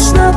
it's not